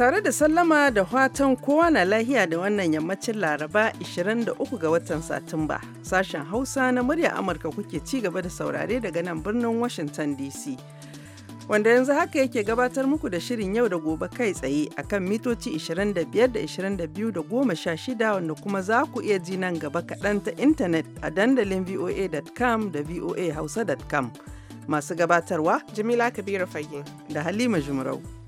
Tare da sallama da watan kowa na lahiya da wannan yammacin Laraba 23 ga watan Satumba. Sashen Hausa na murya Amurka kuke ci gaba da saurare daga nan birnin Washington DC. Wanda yanzu haka yake gabatar muku da shirin yau da gobe kai tsaye akan mitoci 25 da 22 da 16 wanda kuma za ku iya ji nan gaba kaɗan ta intanet a dandalin voa.com da voahausa.com. Masu gabatarwa Jamila Kabiru Fage da Halima Jumrau.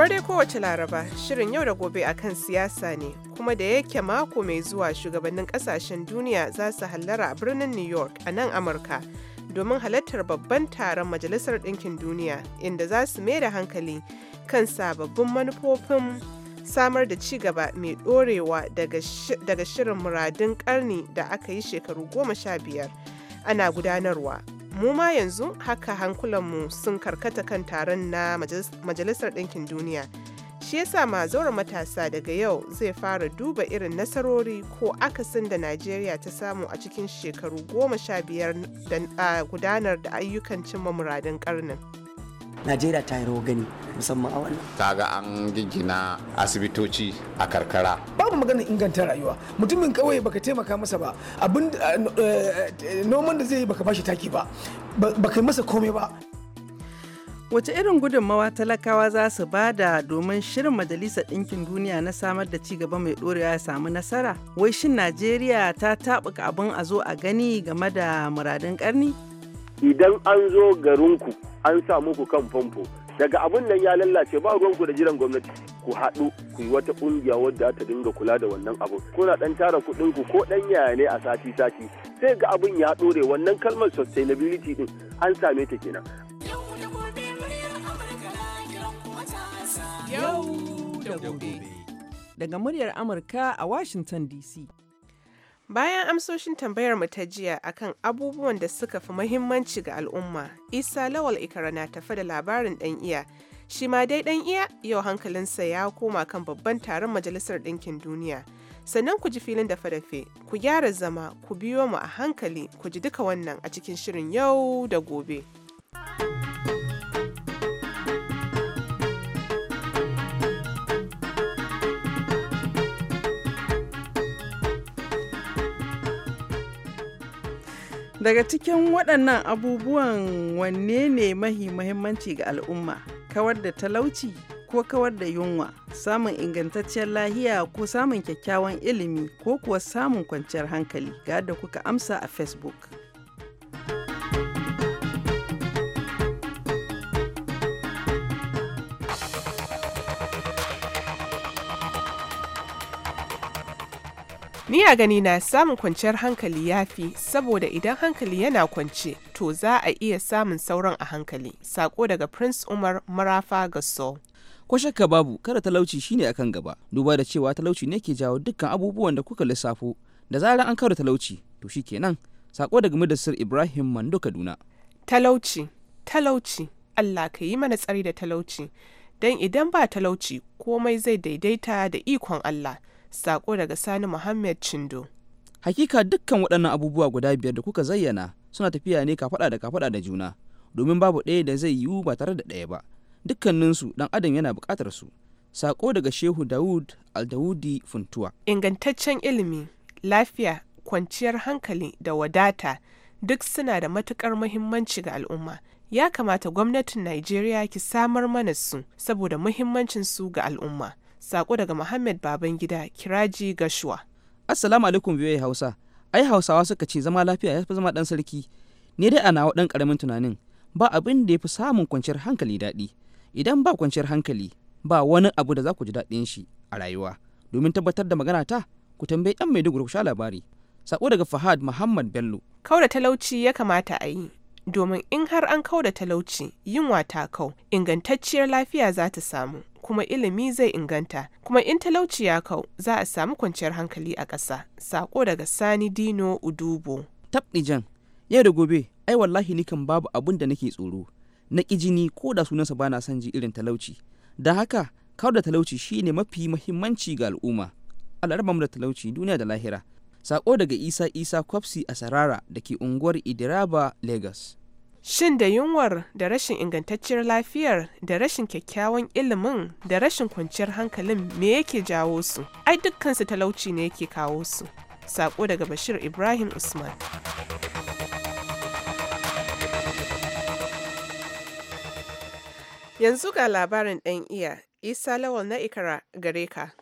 Kamar dai kowace Laraba, shirin yau da gobe a kan siyasa ne, kuma da yake mako mai zuwa shugabannin kasashen duniya za su hallara a birnin New York a nan Amurka domin halartar babban taron Majalisar Ɗinkin Duniya inda za su mai da hankali kan sababbin manufofin samar da ci gaba mai ɗorewa daga shirin muradun karni da aka yi shekaru goma sha biyar ana gudanarwa. mu ma yanzu haka hankulanmu sun karkata kan taron na majalisar ɗinkin duniya shi yasa zaura matasa daga yau zai fara duba irin nasarori ko akasin da najeriya ta samu a cikin shekaru goma sha biyar gudanar da ayyukan cimma muradin karnin. najeriya ta yi rawar gani musamman a wannan kaga an gingina asibitoci a karkara babu maganar inganta rayuwa mutumin kawai baka taimaka masa ba abin eh, eh, noman da zai yi baka bashi taki ba baka masa komai ba Wace irin gudunmawa talakawa za su bada domin shirin Majalisar Ɗinkin Duniya na samar da ci gaba mai ɗorewa ya samu nasara? Wai shin Najeriya ta taɓuka abin a zo a gani game da muradun ƙarni? idan an zo garinku an sa muku kan famfo daga abun nan ya lallace ba ruwanku da jiran gwamnati ku haɗu ku yi wata ƙungiya wadda ta dinga kula da wannan abun. kuna ɗan tara kuɗin ku ko ɗan yaya ne a sati sati sai ga abun ya ɗore wannan kalmar sustainability din an same ta kenan yau da gobe daga muryar amurka a washington dc Bayan amsoshin tambayar mu ta jiya akan abubuwan da suka fi mahimmanci ga al'umma, Isa Lawal Ikara na tafi da labarin ɗan iya. Shi ma dai ɗan iya yau hankalinsa ya koma kan babban taron Majalisar Ɗinkin Duniya. Sannan ku ji filin da fadafe, ku gyara zama, ku biyo mu a hankali, ku ji duka wannan a cikin shirin yau da gobe. Daga cikin waɗannan abubuwan wanne ne mahi muhimmanci ga al'umma? Kawar da talauci ko kawar da yunwa, samun ingantacciyar lahiya ko samun kyakkyawan ilimi ko kuwa samun kwanciyar hankali ga da kuka amsa a Facebook. Ni a gani na samun kwanciyar hankali yafi saboda idan hankali yana kwance to za a iya samun sauran a hankali. Sako daga Prince Umar Marafa ga ko shakka babu kada talauci shine akan gaba duba da cewa talauci ne ke jawo dukkan abubuwan da kuka lissafo da zarar an karo talauci to shikenan sako daga mudassir Ibrahim Mando Kaduna talauci talauci Allah ka yi mana tsari da talauci don idan ba talauci komai zai daidaita da ikon Allah Sako daga Sani muhammed Chindo. Hakika dukkan waɗannan abubuwa guda biyar da kuka zayyana suna tafiya ne kafaɗa da kafaɗa da juna domin babu ɗaya da zai yiwu ba tare da ɗaya ba. Dukkaninsu dan adam yana buƙatar su. Sako daga Shehu Dawud Aldawudi Funtuwa. Ingantaccen ilimi, lafiya, kwanciyar hankali da wadata duk suna da matukar muhimmanci ga al'umma. ya kamata gwamnatin Najeriya ki samar mana su saboda muhimmancin su ga al'umma. Sako daga Muhammad Babangida Kiraji Gashua. Assalamu alaikum biyu Hausa. Ai Hausawa suka ce zama lafiya ya fi zama dan sarki. Ne dai ana dan karamin tunanin ba abin da ya fi samun kwanciyar hankali daɗi. Idan ba kwanciyar hankali ba wani abu da za ku ji daɗin shi a rayuwa. Domin tabbatar da magana ta ku tambayi yan Maiduguri ku sha labari. Sako daga Fahad Muhammad Bello. Kauda talauci ya kamata a yi. domin in har an kau da talauci yunwa ta kau ingantacciyar lafiya za ta samu kuma ilimi zai inganta kuma in talauci ya kau za a samu kwanciyar hankali a ƙasa sako daga sani dino udubo tabdijan yau da gobe ai wallahi ni kan babu abun da nake tsoro na ƙi jini ko da sunansa bana son ji irin talauci da haka kawar da talauci shine mafi muhimmanci ga al'umma al'arba da talauci duniya da lahira sako daga isa isa kwafsi a sarara da ke unguwar idiraba lagos Shin da yunwar da rashin ingantacciyar lafiyar da rashin kyakkyawan ilimin da rashin kwanciyar hankalin me yake jawo su? Ai dukkansu talauci ne yake kawo su. Sako daga Bashir Ibrahim Usman. Yanzu ga labarin ɗan iya, Isa Lawal na Ikara gare ka.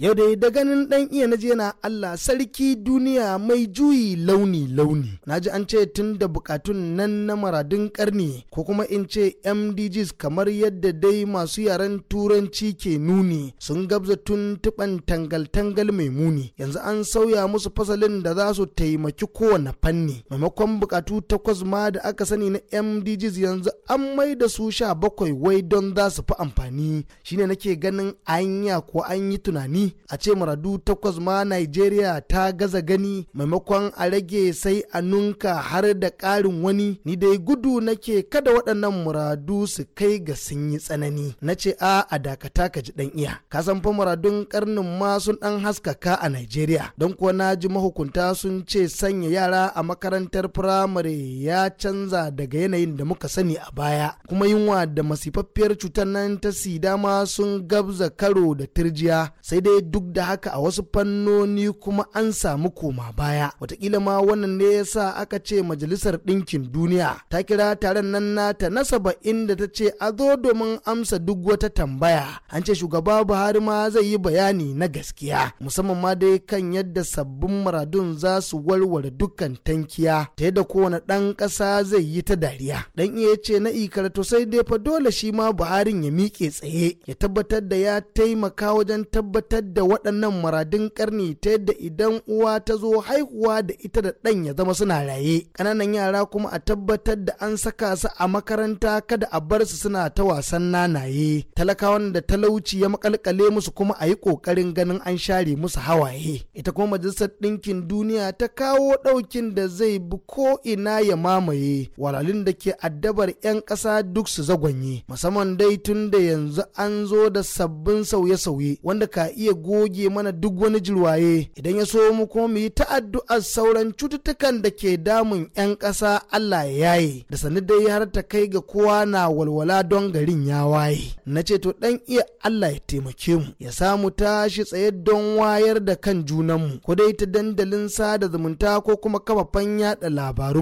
yau dai da ganin dan iya je yana Allah sarki duniya mai juyi launi launi na ji an ce tun da bukatun nan na maradin karni ko kuma in ce MDGs kamar yadda dai masu yaren turanci ke nuni sun gabza tun tuban tangal tangal mai muni yanzu an sauya musu fasalin da za su taimaki kowane fanni maimakon bukatu takwas ma da aka sani na MDGs yanzu an mai da su sha bakwai wai don za su fi amfani shine nake ganin anya ko an yi tunani a ce maradu takwas ma nigeria ta gaza gani maimakon a rage sai a nunka har da ƙarin wani ni dai gudu nake kada waɗannan muradu su kai ga sun yi tsanani na ce a a dakata ka ji ɗan iya ka san fa muradun karnin ma sun ɗan haskaka a nigeria. don kuwa na ji mahukunta sun ce sanya yara a makarantar firamare ya canza daga yanayin da muka sani a baya kuma yunwa da masifaffiyar cutar nan ta sida ma sun gabza karo da turjiya sai dai duk da haka a wasu fannoni kuma an samu koma baya watakila ma wannan ne ya sa aka ce majalisar ɗinkin duniya ta kira taron nan nata na saba'in da ta ce a zo domin amsa duk wata tambaya an ce shugaba buhari ma zai yi bayani na gaskiya musamman ma dai kan yadda sabbin maradun za su warware dukkan tankiya ta yadda kowane ɗan ƙasa zai yi ta dariya dan iya ce na ikarato sai dai fa dole shi ma buharin ya miƙe tsaye ya tabbatar da ya taimaka wajen tabbatar fitar da waɗannan maradin karni ta yadda idan uwa ta zo haihuwa da ita da ɗan ya zama suna raye ƙananan yara kuma a tabbatar da an saka su a makaranta kada a bar su suna ta wasan nanaye talakawan da talauci ya makalkale musu kuma a yi ƙoƙarin ganin an share musu hawaye ita kuma majalisar ɗinkin duniya ta kawo ɗaukin da zai bi ko ina ya mamaye walalin da ke addabar 'yan ƙasa duk su zagwanye musamman dai tun da yanzu an zo da sabbin sauye-sauye wanda ka iya iya goge mana duk wani jirwaye idan ya so mu kuma mu yi ta'addu'ar sauran cututtukan da ke damun 'yan ƙasa Allah ya yaye da sani dai har ta kai ga kowa na walwala don garin ya waye na ce to dan iya Allah ya taimake mu ya samu tashi tsaye don wayar da kan junan mu. ko dai ta dandalin sada zumunta ko kuma kafafen yada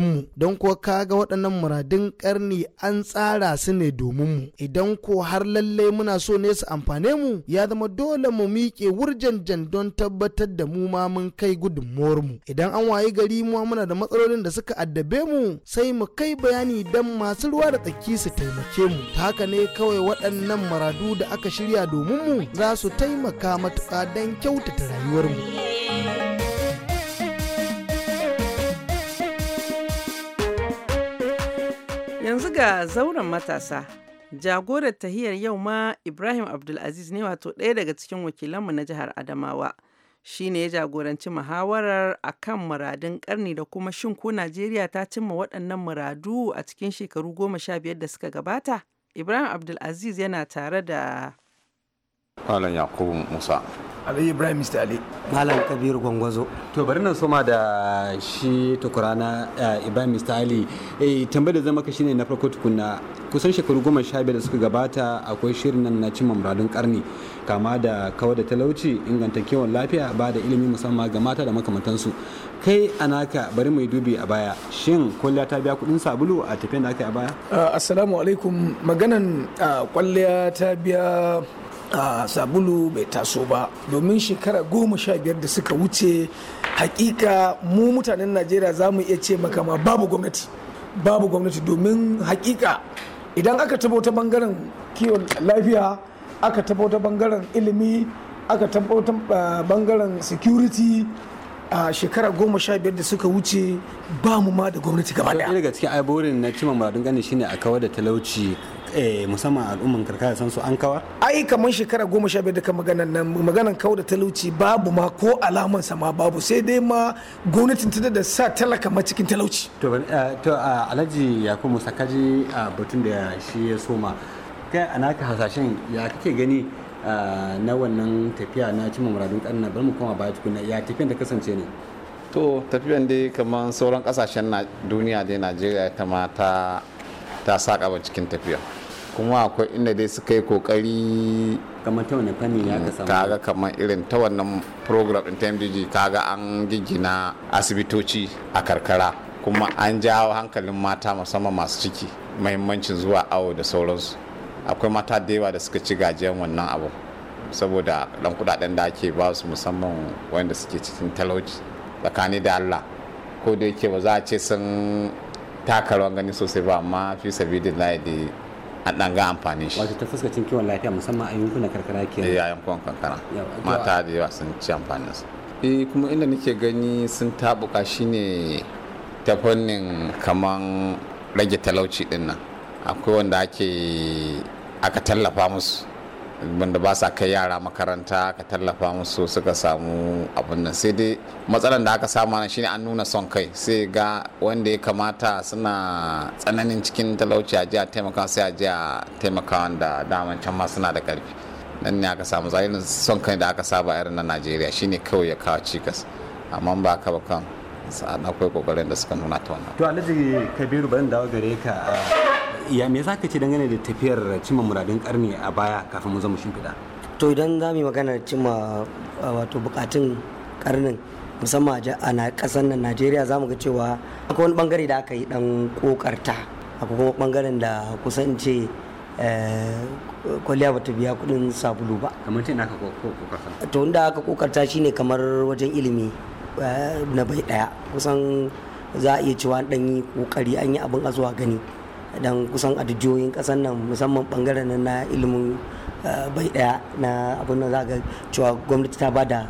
mu. don ko kaga waɗannan muradun karni an tsara su ne domin mu idan ko har lallai muna so ne su amfane mu ya zama dole mu miƙe ke jan don tabbatar da mu ma mun kai gudunmuwar mu idan an wayi gari mu muna da matsalolin da suka addabe mu sai mu kai bayani don masu ruwa da tsaki su taimake mu ta haka ne kawai waɗannan maradu da aka shirya domin mu za su taimaka matuƙa don kyautata rayuwar mu Yanzu ga zauren matasa Jagorar tahiyar yau ma Ibrahim Abdulaziz ne wato ɗaya daga cikin wakilanmu na jihar Adamawa. Shi ne ya jagoranci muhawarar a kan muradun karni da kuma shin ko Najeriya ta cimma waɗannan muradu a cikin shekaru goma sha biyar da suka gabata? Ibrahim Abdulaziz yana tare da Malam Yakubu Musa. Ali Ibrahim Mr. Ali. Malam Kabir Gwangwazo. To bari nan soma da shi na eh, Ibrahim Mr. Ali. Eh tambayar da zama ka ne na farko tukuna kusan shekaru goma sha biyar da suka gabata akwai shirin nan na cimma muradun karni kama da kawar da talauci inganta kiwon lafiya ba da ilimi musamman ga mata da makamantansu kai a naka bari mai dubi a baya shin kwalliya ta biya kudin sabulu a tafiyan da aka yi a baya ah, assalamu alaikum maganan ah, kwalliya ta biya a sabulu bai taso ba domin shekara goma sha biyar da suka wuce hakika mu mutanen najeriya za mu iya ce makama babu gwamnati babu gwamnati domin hakika idan aka tabo ta bangaren kiwon lafiya aka taba ta bangaren ilimi aka taba ta eh, bangaren security a shekara goma sha biyar da suka wuce ba mu ma da gwamnati gaba daya daga cikin aiborin na cimma muradun gani shine a kawar da talauci eh, musamman al'umman karkara san su an kawa ai kamar shekara goma sha biyar da ka maganan nan maganan kawar da talauci babu ma ko alaman sa ma babu sai dai ma gwamnatin ta da sa talaka ma cikin talauci to eh, alhaji yakubu musakaji batun da shi ya soma kai anaka hasashen ya kake gani na wannan tafiya na cimma muradun ƙarni bari mu koma baya tukuna ya tafiyan ta kasance ne to tafiyan dai kamar sauran kasashen na duniya dai najeriya ta ma ta saƙa ba cikin tafiya kuma akwai inda dai suka yi kokari kamar ta wani fanni ya ka samu kaga kamar irin ta wannan program din TMDG kaga an gigina asibitoci a karkara kuma an jawo hankalin mata musamman masu ciki mahimmancin zuwa awo da sauransu akwai mata da yawa da suka ci gajiyan wannan abu saboda dan kudaden da ake ba su musamman wanda suke cikin talauci tsakani da allah ko da yake ba za a ce sun taka rawan gani sosai ba amma fi sabidin layi da an dan ga amfani shi wato ta fuskacin kiwon lafiya musamman a yankunan karkara ke ya eh, yankunan karkara mata da yawa sun ci amfanin su e kuma inda nake gani sun tabuka shine ta fannin kaman rage talauci din nan akwai wanda ake aka tallafa musu wanda ba sa kai yara makaranta aka tallafa musu suka samu abin nan sai dai matsalar da aka samu nan shine an nuna son kai sai ga wanda ya kamata suna tsananin cikin talauci a jiya taimaka sai a jiya taimaka wanda daman can ma suna da karfi nan ne aka samu zalilin son kai da aka saba irin na najeriya shine kawai ya kawo cikas amma ba ka ba kan sa'an akwai kokarin da suka nuna ta wannan to alhaji kabiru ban dawo gare ka ya me za ka ce dangane da tafiyar cimma muradun karni a baya kafin mu zama shimfiɗa to idan za mu yi magana cimma wato bukatun karnin musamman a ƙasar nan najeriya za mu ga cewa akwai wani bangare da aka yi dan kokarta akwai kuma bangaren da kusan ce eh, kwalliya ta biya kudin sabulu ba kamar ce naka kokarta to inda aka kokarta shine kamar wajen ilimi eh, na bai daya kusan za a iya cewa dan yi kokari an yi abin a zuwa gani dan kusan adijoyin kasan nan musamman bangaren na ilimin eh, bai daya na abin da za ga cewa gwamnati ta bada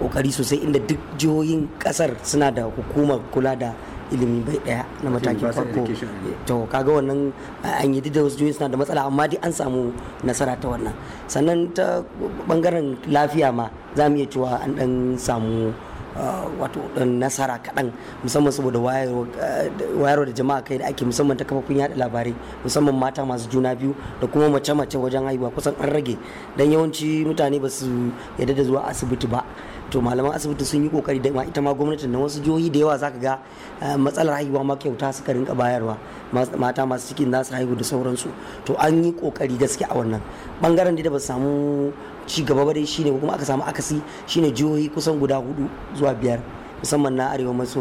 kokari eh, sosai inda duk jihohin kasar suna da hukumar kula da ilimi bai daya na matakin farko to kaga wannan eh, an yi da wasu jihohin suna da matsala amma dai an samu nasara ta wannan sannan ta bangaren lafiya ma za mu iya cewa an dan samu Ah, wato nasara kaɗan musamman saboda eh, wayarwa da jama'a kai da ake musamman ta kafafun yaɗa labarai musamman mata masu juna biyu da kuma mace-mace wajen haihuwa kusan an rage don yawanci mutane ba su yadda da zuwa asibiti ba to malaman asibiti sun yi kokari da ita ma gwamnatin na wasu jihohi da yawa zaka ga eh, matsalar haihuwa ma kyauta suka rinka bayarwa mata masu cikin za su haihu da sauransu to an yi kokari gaske a wannan bangaren da ba samu ci gaba ba dai shine kuma aka samu akasi shine jihohi kusan guda hudu zuwa biyar musamman na arewa maso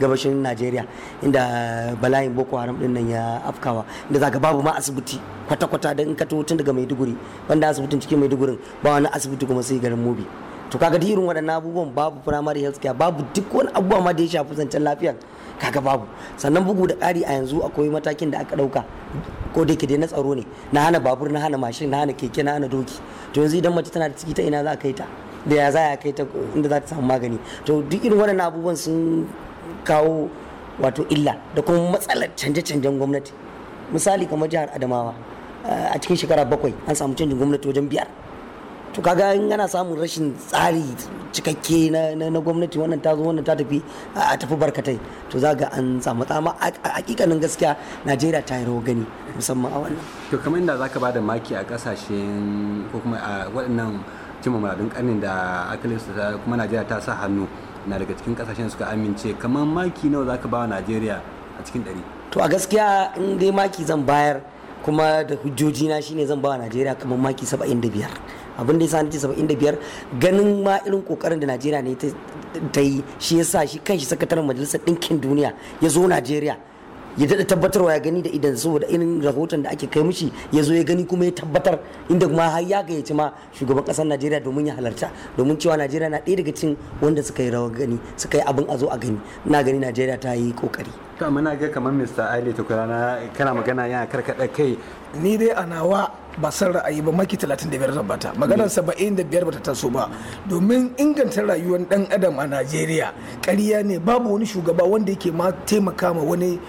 gabashin najeriya inda bala'in boko haram din nan ya afkawa inda zaka babu ma asibiti kwata-kwata da in ka tun daga maiduguri wanda asibitin cikin maidugurin ba wani asibiti kuma sai garin mobi to kaga irin waɗannan abubuwan babu primary health care babu duk wani abubuwa ma da ya shafi zancen lafiya, kaga babu sannan bugu da ƙari a yanzu akwai matakin da aka ɗauka ko da dai na tsaro ne na hana babur na hana mashin na hana keke na hana doki to yanzu idan mace tana da ciki ta ina za a kai ta da ya za kai ta inda za ta samu magani to duk irin waɗannan abubuwan sun kawo wato illa da kuma matsalar canje-canjen gwamnati misali kamar jihar adamawa eh, a cikin shekara bakwai an samu canjin gwamnati wajen biyar to kaga in ana samun rashin tsari cikakke na gwamnati wannan ta zo wannan ta tafi a tafi barkatai to za ga an samu tsama a hakikanin gaskiya najeriya ta yi rawa gani musamman a wannan to kamar inda ba da maki a kasashen ko kuma a waɗannan cimma muradun karnin da akilis kuma najeriya ta sa hannu na daga cikin kasashen suka amince kamar maki nawa za ka ba wa najeriya a cikin ɗari to a gaskiya in dai maki zan bayar kuma da hujjoji na shine zan ba wa najeriya kamar maki 75 abin da ya sa nace 75 ganin ma irin kokarin da najeriya ne ta yi shi yasa shi kanshi sakataren majalisar ɗinkin duniya ya zo najeriya ya daɗa tabbatarwa ya gani da idan saboda irin rahoton da ake kai mishi ya zo ya gani kuma ya tabbatar inda kuma har ya gayyaci ma shugaban ƙasar najeriya domin ya halarta domin cewa najeriya na ɗaya daga cikin wanda suka yi rawar gani suka yi abin a zo a gani na gani najeriya ta yi kokari to amma na ga kamar mr ali kana magana yana karkada kai ni dai a nawa ba san ra'ayi ba maki 35 zan bata maganar 75 bata taso ba domin inganta rayuwar dan adam a najeriya ƙarya ne babu wani shugaba wanda yake ma taimaka ma wani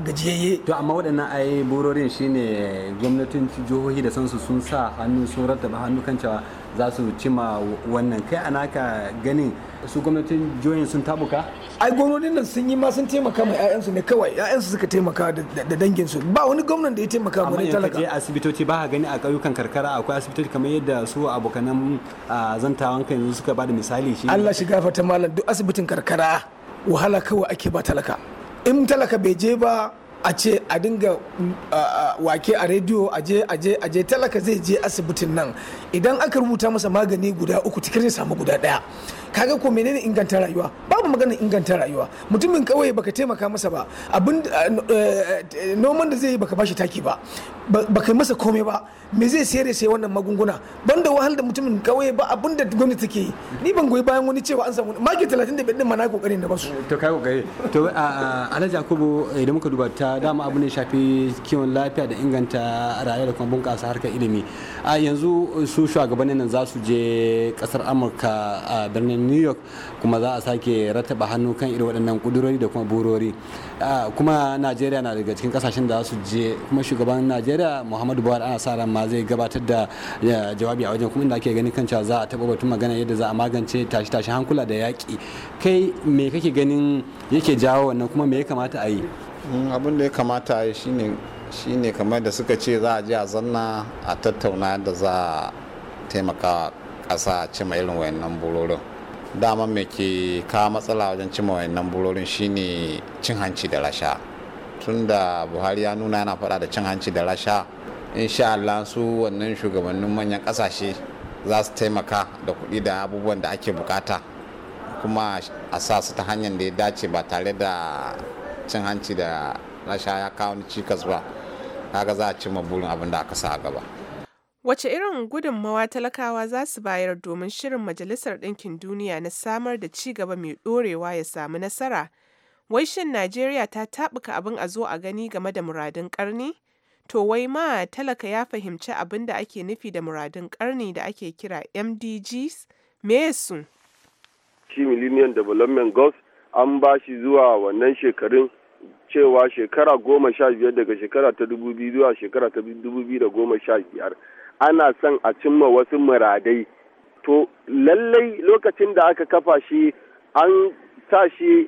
gajiyayye to amma waɗannan ai burorin shine eh, gwamnatin jihohi da sansu sun sa hannu sun rattaba hannu kan cewa za su cima wannan kai a naka ganin su gwamnatin jihohin sun tabuka ai gwamnatin nan sun yi ma sun taimaka ma ƴaƴansu ne kawai ƴaƴansu suka taimaka da danginsu ba wani gwamnan da ya taimaka ne talaka amma yanzu asibitoci ba ka gani a ƙauyukan karkara akwai asibitoci kamar yadda su abokanan zantawan kan yanzu suka bada misali shi Allah shi gafarta malam duk asibitin karkara wahala kawai ake ba talaka in talaka bai je ba a ce a dinga mm, wake a rediyo aje aje aje talaka zai je asibitin nan idan aka rubuta masa magani guda uku tikar zai samu guda daya kaga ko menene inganta rayuwa babu maganin inganta rayuwa mutumin kawai baka taimaka masa ba abin eh, eh, noman da zai yi baka bashi taki ba ba kai masa komai ba me zai sayar da sai wannan magunguna banda wahal da mutumin kawai ba abin da gwamnati take yi ni ban goyi bayan wani cewa an samu maki 35 din ma na da basu to kai kokari to Alhaji Yakubu idan muka duba ta dama abin da shafi kiwon lafiya da inganta rayuwa da kuma bunƙasa harkar ilimi a yanzu eh, su shugabannin nan za su je kasar amurka a birnin new york kuma za a sake rataba hannu kan irin waɗannan kudurori da kuma burori kuma najeriya na daga cikin kasashen da za su je kuma shugaban najeriya muhammadu buhari ana sa ran ma zai gabatar da jawabi a wajen kuma inda ake ganin cewa za a taɓa batun magana yadda za a magance tashi-tashi hankula da yaƙi kai me kake ganin yake jawo wannan kuma me ya kamata a yi mm, abin da ya kamata a yi shine Shi ne kamar da suka ce za a ji a zanna a tattauna da za a taimaka ƙasa cima irin wayannan burorin dama mai ke kawo matsala wajen cima wayannan burorin shine cin hanci da rasha tunda buhari ya nuna yana faɗa da cin hanci da rasha insha Allah su wannan shugabannin manyan ƙasashe za su taimaka da kuɗi da abubuwan da ake bukata kuma a sa su ta hanyar da ya dace ba tare da cin hanci da rasha ya kawo ni cikas ba kaga za a ci burin abin da aka sa gaba wace irin gudunmawa talakawa za su bayar domin shirin majalisar ɗinkin duniya na samar da ci gaba mai ɗorewa ya samu nasara wai shin najeriya ta taɓuka abin a zo a gani game da muradun ƙarni to wai ma talaka ya fahimci abin da ake nufi da muradun ƙarni da ake kira mdgs me su shi millennium development goals an ba shi zuwa wannan shekarun cewa shekara goma sha biyar daga shekara ta dubu biyu zuwa shekara ta dubu biyu da goma sha biyar ana son a cimma wasu muradai to lallai lokacin da aka kafa shi an sa shi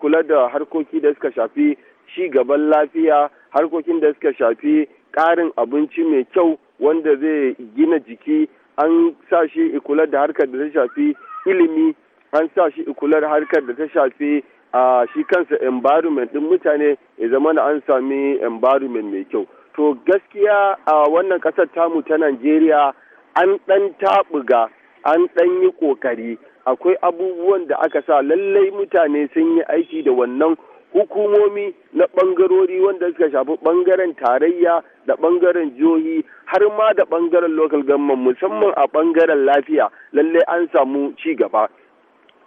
kula da harkoki da suka shafi shi gaban lafiya harkokin da suka shafi ƙarin abinci mai kyau wanda zai gina jiki an sa shi kula da harkar da ta shafi ilimi an sa shi kula da harkar da ta shafi a shi kansa environment din mutane ya zama na an sami environment mai kyau to gaskiya a wannan kasar tamu ta najeriya an ɗan taɓuga an ɗan yi ƙoƙari akwai abubuwan da aka sa lallai mutane sun yi aiki da wannan hukumomi na ɓangarori wanda suka shafi ɓangaren tarayya da ɓangaren jihohi har ma da ɓangaren local government musamman a ɓangaren lafiya lallai an samu ci gaba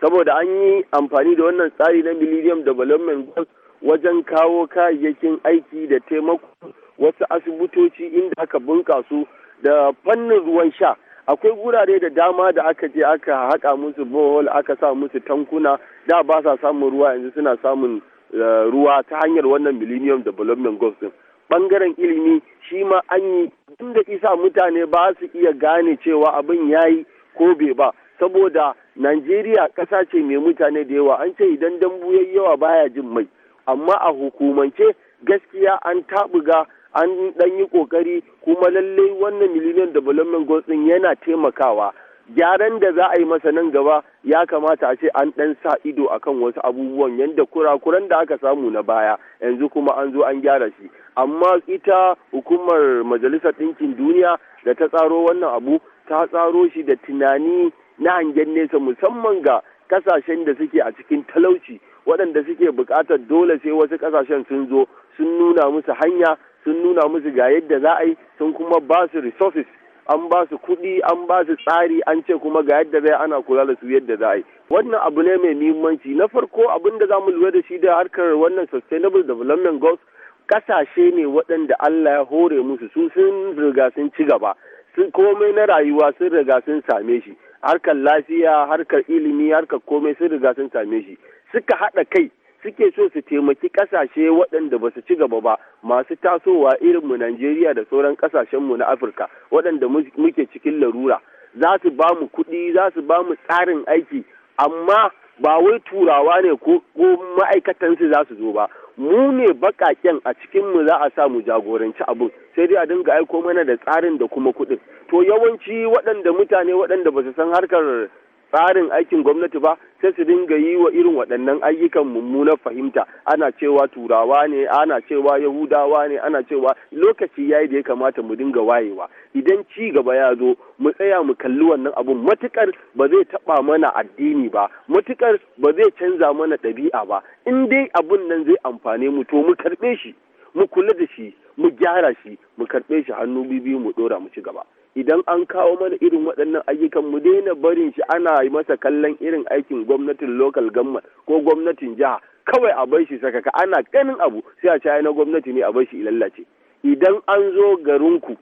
saboda an yi amfani da wannan tsari na millennium development goals wajen kawo kayayyakin aiki da taimako wasu asibitoci inda aka bunkasu da fannin ruwan sha akwai gurare da dama da aka je aka haƙa musu bohol aka sa musu tankuna da ba sa samun ruwa yanzu suna samun eh, ruwa ta hanyar wannan millennium development goals din bangaren ilimi shi ma an yi da isa mutane ba su iya gane cewa abin yayi ko bai ba saboda Najeriya ƙasa ce mai mutane da yawa an ce idan dambu yayi yawa baya jin mai amma a hukumance gaskiya an tabuga an ɗan yi ƙoƙari kuma lallai wannan miliyan development goals ɗin yana taimakawa gyaran da za a yi masa nan gaba ya kamata a ce an ɗan sa ido akan wasu abubuwan yadda kurakuran da aka samu na baya yanzu kuma an zo an gyara shi amma ita hukumar majalisar ɗinkin duniya da ta tsaro wannan abu ta tsaro shi da tunani na hangen nesa musamman ga kasashen da suke a cikin talauci waɗanda suke buƙatar dole sai wasu kasashen sun zo sun nuna musu hanya sun nuna musu ga yadda za a yi sun kuma ba su resources an ba su kuɗi an ba su tsari an ce kuma ga yadda zai ana kula da su yadda za a yi wannan abu ne mai muhimmanci na farko abin da za mu lura da shi da harkar wannan sustainable development goals kasashe ne waɗanda Allah ya hore musu su sun riga sun ci gaba sun komai na rayuwa sun riga sun same shi harkar lafiya harkar ilimi harkar komai sun riga sun same shi suka haɗa kai suke so su taimaki kasashe waɗanda ba su ci gaba ba masu tasowa irin mu Najeriya da sauran kasashen mu na Afirka waɗanda muke cikin larura za su ba mu kuɗi za su ba mu tsarin aiki amma ba wai turawa ne ko ma'aikatansu za su zo ba mu ne baƙaƙen a cikin mu za a sa mu jagoranci abin sai dai a dinga aiko mana da tsarin da kuma kuɗin to yawanci waɗanda mutane waɗanda ba su san harkar tsarin aikin gwamnati ba sai su dinga yi wa irin waɗannan ayyukan mummunar fahimta ana cewa turawa ne ana cewa yahudawa ne ana cewa lokaci yayi da ya kamata mu dinga wayewa idan ci gaba ya zo mu tsaya mu kalli wannan abun matukar ba zai taba mana addini ba matukar ba zai canza mana ɗabi'a ba in dai abun nan zai amfane mu to mu karɓe shi mu kula da shi mu gyara shi mu karɓe shi hannu biyu mu ɗora mu ci gaba idan an kawo mana irin waɗannan ayyukan mu daina barin shi ana masa kallon irin aikin gwamnatin local government ko gwamnatin jiha kawai a bar shi sakaka ana ganin abu sai a caya na gwamnati ne a bar shi lallace idan an zo garinku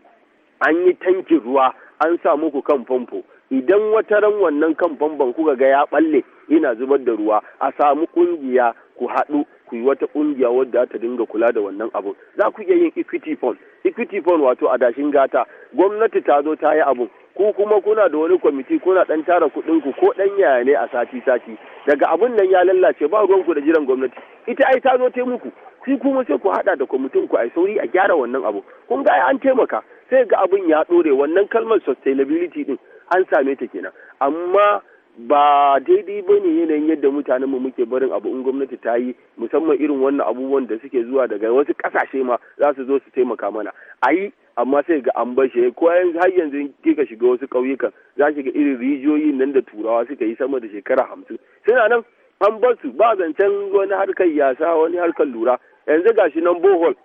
an yi tankin ruwa an sa muku kan famfo idan wata ran wannan kan famfon kuka ga ya ɓalle, ina zubar da ruwa a samu ƙungiya ku haɗu ku yi wata ƙungiya wadda ta dinga kula da wannan abun za ku iya yin equity fund equity fund wato adashin gata gwamnati ta zo ta yi abu. ku kuma kuna da wani kwamiti kuna ɗan tara kuɗin ku ko dan yaya ne a sati sati daga abun nan ya lallace ba ruwan ku da jiran gwamnati ita ai ta zo ta muku ku kuma sai ku haɗa da kwamitin ku ai sauri a gyara wannan abu kun ga an taimaka sai ga abun ya dore wannan kalmar sustainability din an same ta kenan amma ba daidai ba ne yanayin yadda mutanenmu muke barin abu in gwamnati ta yi musamman irin wannan abubuwan da suke zuwa daga wasu kasashe ma za su zo su taimaka mana ayi yi amma sai ga an bashe ko har yanzu kika shiga wasu ƙauyukan za ga irin rijiyoyin nan da turawa suka yi sama da shekara hamsin suna nan an bar su ba zancen wani harkar yasa wani harkar lura yanzu shi nan bohol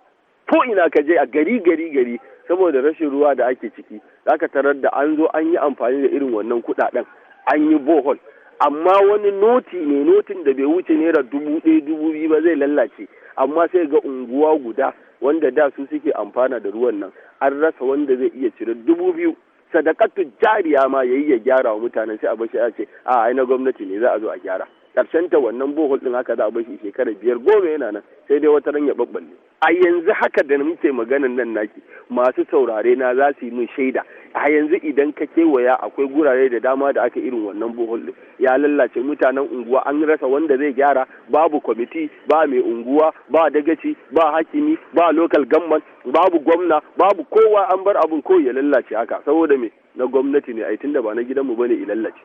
ko ina ka je a gari gari gari saboda rashin ruwa da ake ciki zaka tarar da an zo an yi amfani da irin wannan kuɗaɗen an yi bohol amma wani noti ne notin da bai wuce naira dubu ɗaya dubu biyu ba zai lallace amma sai ga unguwa guda wanda da su suke amfana da ruwan nan an rasa wanda zai iya cire dubu biyu sadakatu jariya ma yayi ya gyara wa mutanen sai a bashi ya ce a ai na gwamnati ne za a zo a gyara karshen ta wannan bohol din haka za a bashi shekara biyar goma yana nan sai dai wata ran ya babballe a yanzu haka da muke maganan nan naki masu saurare na za su yi min shaida a yanzu idan ka kewaya akwai gurare da dama da aka irin wannan bohol din ya lallace mutanen unguwa an rasa wanda zai gyara babu kwamiti ba mai unguwa ba dagaci ba hakimi ba local gamman babu gwamna babu kowa an bar abun ko ya lallace haka saboda me na gwamnati ne ai tunda ba na gidanmu bane ilallace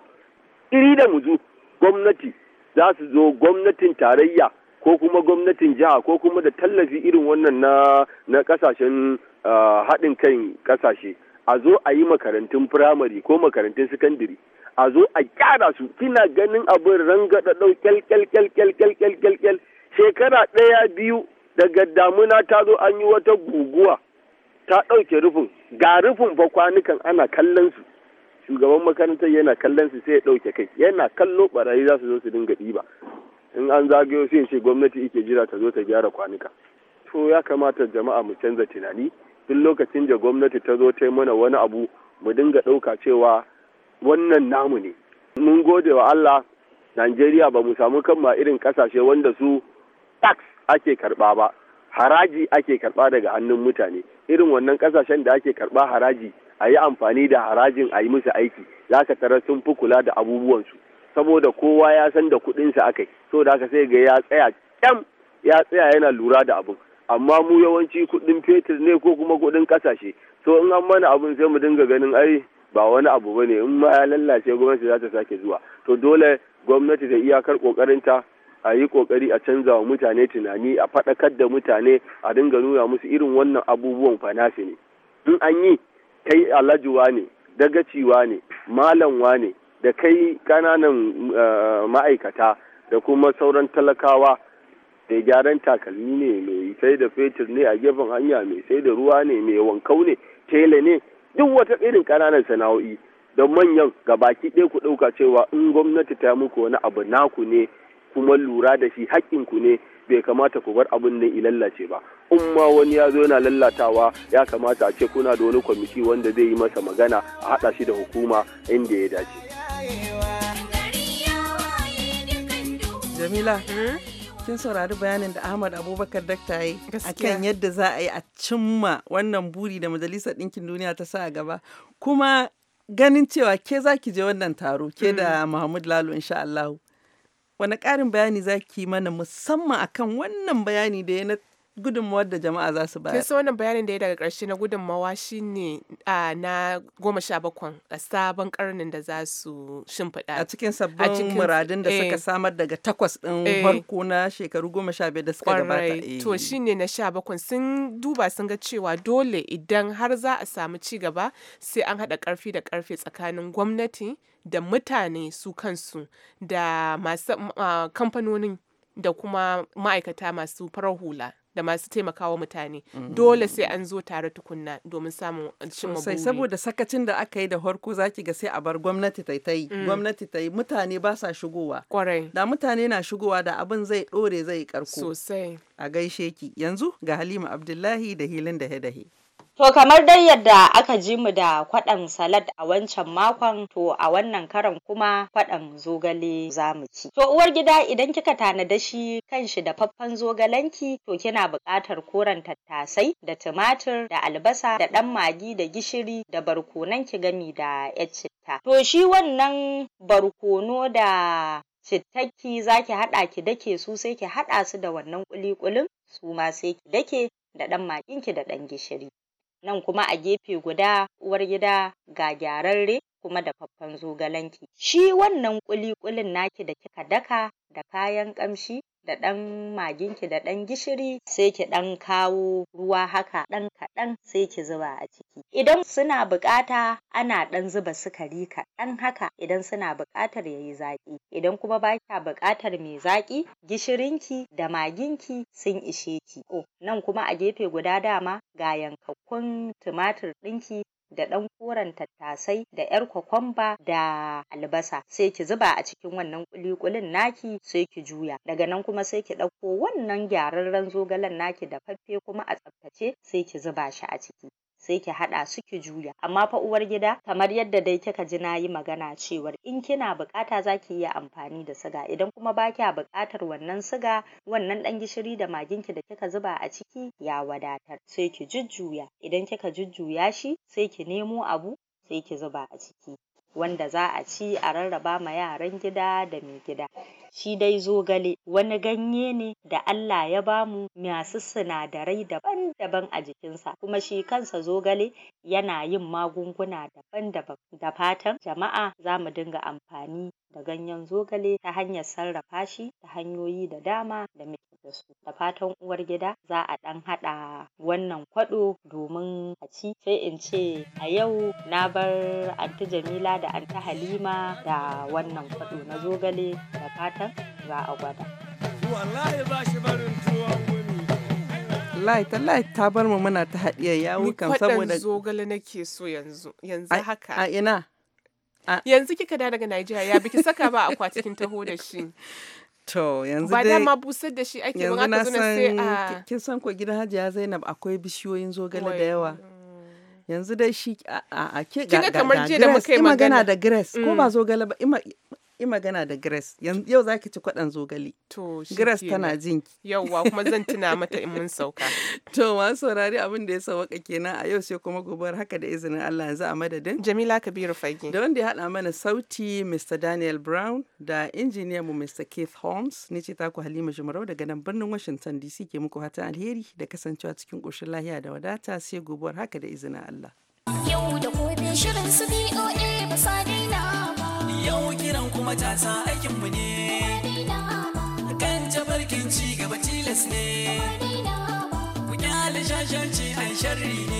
iri da muzu gwamnati za su zo gwamnatin tarayya ko kuma gwamnatin jiha ko kuma da tallafi irin wannan na na kasashen ah, haɗin kan kasashe a zo a yi makarantun firamare ko makarantun sakandare a zo a kyara su kina ganin abin rangada ɗau kyal kyal kyal kyal shekara ɗaya biyu daga damuna ta zo an yi wata guguwa ta ɗauke rufin ga rufin fa kwanukan ana kallon su shugaban makarantar yana kallon su sai ya ɗauke kai yana kallo barayi za su zo su dinga ɗiba in an zagayo sai ce gwamnati ike jira ta zo ta gyara kwanuka to ya kamata jama'a mu canza tunani duk lokacin da gwamnati ta zo ta yi mana wani abu mu dinga ɗauka cewa wannan namu ne mun gode wa Allah Najeriya ba mu samu kanma irin kasashe wanda su tax ake karɓa ba haraji ake karɓa daga hannun mutane irin wannan kasashen da ake karɓa haraji a yi amfani da harajin a yi musu aiki za ka tara sun fi kula da abubuwansu saboda kowa ya san da kuɗinsa aka yi so da haka sai ga ya tsaya kyam ya tsaya yana lura da abin amma mu yawanci kuɗin fetur ne ko kuma kuɗin ƙasashe so in an mana abin sai mu dinga ganin ai ba wani abu ba ne. in ma ya lallace gwamnati za ta sake zuwa to dole gwamnati da iyakar ƙoƙarinta a yi kokari a canza wa mutane tunani a faɗakar da mutane a dinga nuna musu irin wannan abubuwan fanafi ne in an yi kai alhaji wane dagaci wane malam wane da kai kananan eh, ma'aikata da kuma sauran talakawa da gyaran takalmi ne mai sai da fetur ne a gefen hanya mai sai da ruwa ne mai wankau ne tele ne duk wata irin ƙananan sana'o'i don manyan ga baki ɗaya ku ɗauka cewa in gwamnati ta muku wani abu naku ne kuma lura da shi haƙƙinku ne bai kamata ku bar abin nan ilallace ba in ma wani ya zo yana lallatawa ya kamata a ce kuna da wani kwamiti wanda zai yi masa magana a haɗa shi da hukuma inda ya dace. Jamila, hmm? kin saurari bayanin da Ahmad Abubakar Dakta yi akan yadda za a yi a cimma wannan buri da Majalisar Ɗinkin Duniya ta sa gaba. Kuma ganin cewa ke za ki je wannan taro ke da hmm. Muhammad Lalo insha Allahu. Wani ƙarin bayani za ki mana musamman akan wannan bayani da ya na gudunmawar da jama'a za su bayar. Kin wannan bayanin da ya daga ƙarshe na gudunmawa shine a na goma sha bakwan a sabon karnin da za su shimfiɗa. A cikin sabbin muradun da suka eh. samar daga takwas ɗin eh. farko na shekaru goma sha biyar da suka gabata. Eh. To shine na sha bakwan sun duba sun ga cewa dole idan har za a samu ci gaba sai an haɗa ƙarfi da ƙarfe tsakanin gwamnati da mutane su kansu da masu kamfanonin da kuma ma'aikata masu farar hula. da masu taimakawa mutane mhm. dole sai an zo tare tukunna domin samun cimma sosai saboda sakacin da aka yi da harko zaki ga sai a bar gwamnati ta ta yi mm. gwamnati ta yi mutane ba sa shigowa kwarai da mutane na shigowa da abin zai dore zai karko sosai a gaishe ki yanzu ga Halima Abdullahi da Hilin da Hedahi. To kamar dai yadda aka ji mu da kwaɗan salad a wancan makon to a wannan karan kuma kwaɗan zogale za mu ci. To uwar gida idan kika tanada shi kan shi da faffan zogalenki to kina buƙatar koren tattasai da tumatir da albasa da ɗan magi da gishiri da barkonan ki gami da ƴar citta. To shi wannan barkono da cittakki za ki haɗa ki dake su sai ki haɗa su da wannan ƙuliƙulin su ma sai ki dake da ɗan maginki da ɗan gishiri. nan kuma a gefe guda uwar gida ga gyararre kuma da faffan zogalenki shi wannan kuli-kulin naki da kika daka da kayan kamshi. da ɗan maginki da ɗan gishiri sai ki ɗan kawo ruwa haka ɗan kaɗan sai ki zuba a ciki idan suna buƙata ana ɗan zuba sukari kaɗan haka idan suna buƙatar yi zaƙi idan kuma ba kya buƙatar mai zaƙi gishirinki da maginki sun ishe ki oh, nan kuma a gefe guda dama ga yankakkun tumatir ɗinki da ɗan koren tattasai da ƴar kwakwamba da albasa sai ki zuba a cikin wannan kulikulin naki sai ki juya daga nan kuma sai ki ɗauko wannan gyararren zogalen naki dafaffe kuma a tsaftace sai ki zuba shi a ciki sai ki haɗa su ki juya amma fa uwar gida kamar yadda dai kika ji na yi magana cewar in kina buƙata zaki iya amfani da siga idan kuma ba kya buƙatar wannan siga wannan ɗan gishiri da magin ki da kika zuba a ciki ya wadatar sai ki jujjuya idan kika jujjuya shi sai ki nemo abu sai ki zuba a ciki wanda za a ci a rarraba ma yaran gida da mai gida shi dai zogale wani ganye ne da Allah ya bamu masu sinadarai daban-daban a jikinsa kuma shi kansa zogale yana yin magunguna daban-daban da fatan jama'a za mu dinga amfani da ganyen zogale ta hanyar sarrafa shi ta hanyoyi da dama da muke da su da fatan uwargida a ɗan haɗa wannan kwaɗo domin a ci sai in ce a yau na bar Anta Jamila da Anta Halima da wannan kwaɗo na zogale da fatan za a gwada. Wallahi ba shi barin tuwon ta bar mu muna ta haɗiya ya kam saboda zogale nake so yanzu yanzu haka a ina yanzu kika da daga Najeriya ya biki saka ba a kwatikin taho da shi To yanzu dai ba dama busar da shi ake ba na san a. kin san ko gidan Hajiya Zainab akwai bishiyoyin zogale da yawa. Mm. Yanzu dai shi a ga Grace. Kin ga kamar jiya da muka magana da Grace ko ba mm. zogale ba yi magana da Grace. Yau za ki ci kwaɗan zogale. To, shi Grace tana jin ki. Yauwa kuma zan tuna mata in mun sauka. to, masu saurari abin da ya sauka kenan a yau sai kuma gobar haka da izinin Allah yanzu a madadin. Jamila Kabiru Fage. Da wanda ya haɗa mana sauti Mr. Daniel Brown da injiniya mu Mr. Keith Holmes. Ni ce taku Halima Jumarau daga nan birnin Washington DC ke muku hatan alheri da kasancewa cikin ƙoshin lahiya da wadata sai gobuwar haka da izinin Allah. Yau da gobe shirin su BOA. matasa aikinmu ne kan tabarkin ci gaba tilas ne ku kyale shashanci an sharri ne